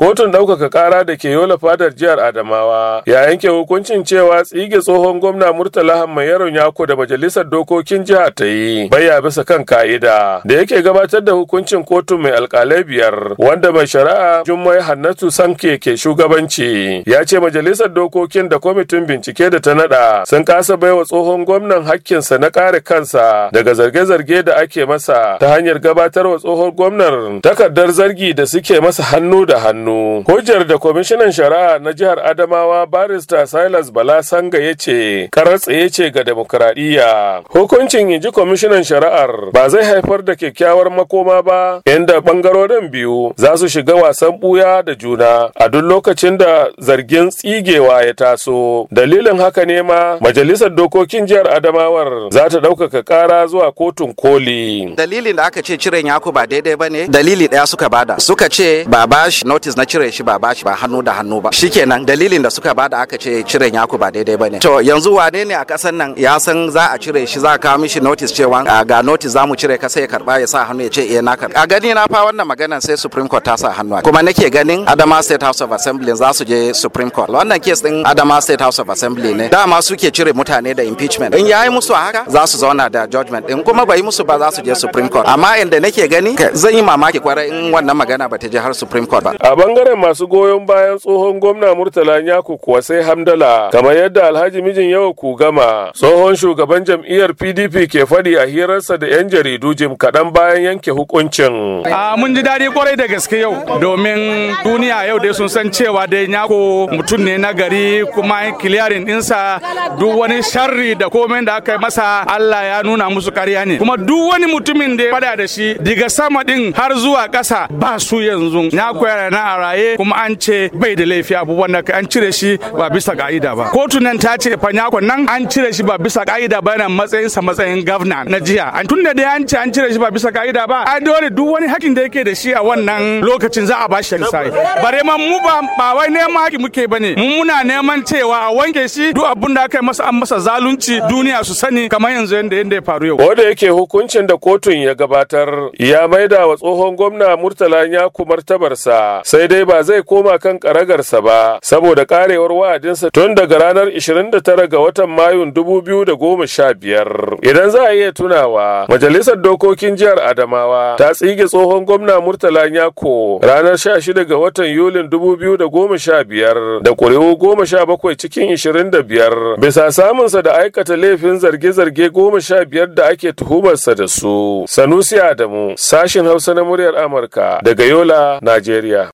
Kotun ɗaukaka ƙara da ke yola fadar jihar Adamawa ya yanke hukuncin cewa tsige tsohon gwamna Murtala Hamman Yaron Yako da majalisar dokokin jiha ta yi baya bisa kan ka'ida da yake gabatar da hukuncin kotun mai alƙalai biyar wanda mai shari'a Jummai Hannatu Sanke ke shugabanci ya ce majalisar dokokin da kwamitin bincike da ta naɗa sun kasa baiwa tsohon gwamnan hakkinsa na kare kansa daga zarge-zarge da ake masa ta hanyar gabatarwa tsohon gwamnan takardar zargi da suke masa hannu da hannu. Kano. Hujjar da kwamishinan shari'a na jihar Adamawa barista Silas Bala Sanga ya ce karar tsaye ce ga demokuraɗiyya. Hukuncin ji kwamishinan shari'ar ba zai haifar da kyakkyawar makoma ba inda bangarorin biyu za su shiga wasan buya da juna a duk lokacin da zargin tsigewa ya taso. Dalilin haka ne ma majalisar dokokin jihar Adamawar za ta ɗaukaka ƙara zuwa kotun koli. Dalilin da aka ce ciren yaku ba daidai ba ne dalili ɗaya suka bada suka ce ba bashi notice na cire shi ba bashi ba hannu da hannu ba shikenan dalilin da suka bada aka ce cire yaku ba daidai bane to yanzu wane ne a kasan nan ya san za a cire shi za a kawo mishi notice cewa ah, ga notice zamu cire ka sai ya karba ya sa hannu ya ce eh na karba a gani na fa wannan maganan sai supreme court ta sa hannu kuma nake ganin adama state house of assembly za su je supreme court wannan case din adama state house of assembly ne dama suke cire mutane da impeachment in yayi musu haka za su zauna da judgment din kuma bai musu ba za su je supreme court amma inda nake gani zan yi mamaki kwarai in wannan magana ba ta je har supreme court ba bangaren masu goyon bayan tsohon gwamna murtala nyako kuwa sai hamdala kamar yadda alhaji mijin yawa gama tsohon shugaban jam'iyyar pdp ke faɗi a hirarsa da 'yan jaridu jim kaɗan bayan yanke hukuncin a mun ji daɗi kwarai da gaske yau domin duniya yau dai sun san cewa dai nyako mutum ne na gari kuma kiliyarin ɗinsa duk wani sharri da komai da aka yi masa allah ya nuna musu kariya ne kuma duk wani mutumin da ya faɗa da shi daga sama ɗin har zuwa kasa ba su yanzu nyako yana na raye kuma an ce bai da laifi abubuwan da an cire shi ba bisa ka'ida ba kotu nan ta ce fanyakon nan an cire shi ba bisa ka'ida ba yana matsayin sa matsayin gavana na jiya an tunda dai an ce an cire shi ba bisa ka'ida ba a dole duk wani hakin da yake da shi a wannan lokacin za a ba shi risai bare ma mu ba ba wai neman haki muke bane mu muna neman cewa a wanke shi duk abun da aka yi masa an masa zalunci duniya su sani kamar yanzu yanda yanda ya faru yau wanda yake hukuncin da kotun ya gabatar ya maida wa tsohon gwamna Murtala ya tabarsa sai dai ba zai koma kan karagarsa ba saboda karewar wa'adinsa tun daga ranar 29 ga watan Mayun 2015. Idan za a iya tunawa, Majalisar Dokokin Jihar Adamawa ta tsige tsohon gwamna Murtala Nyako ranar 16 ga watan Yulin 2015 da ƙuri'u 17 cikin 25 bisa samunsa da aikata laifin zarge-zarge 15 da ake tuhumarsa da su. Sanusi Adamu, sashin Hausa na muryar Amurka daga Yola, Najeriya.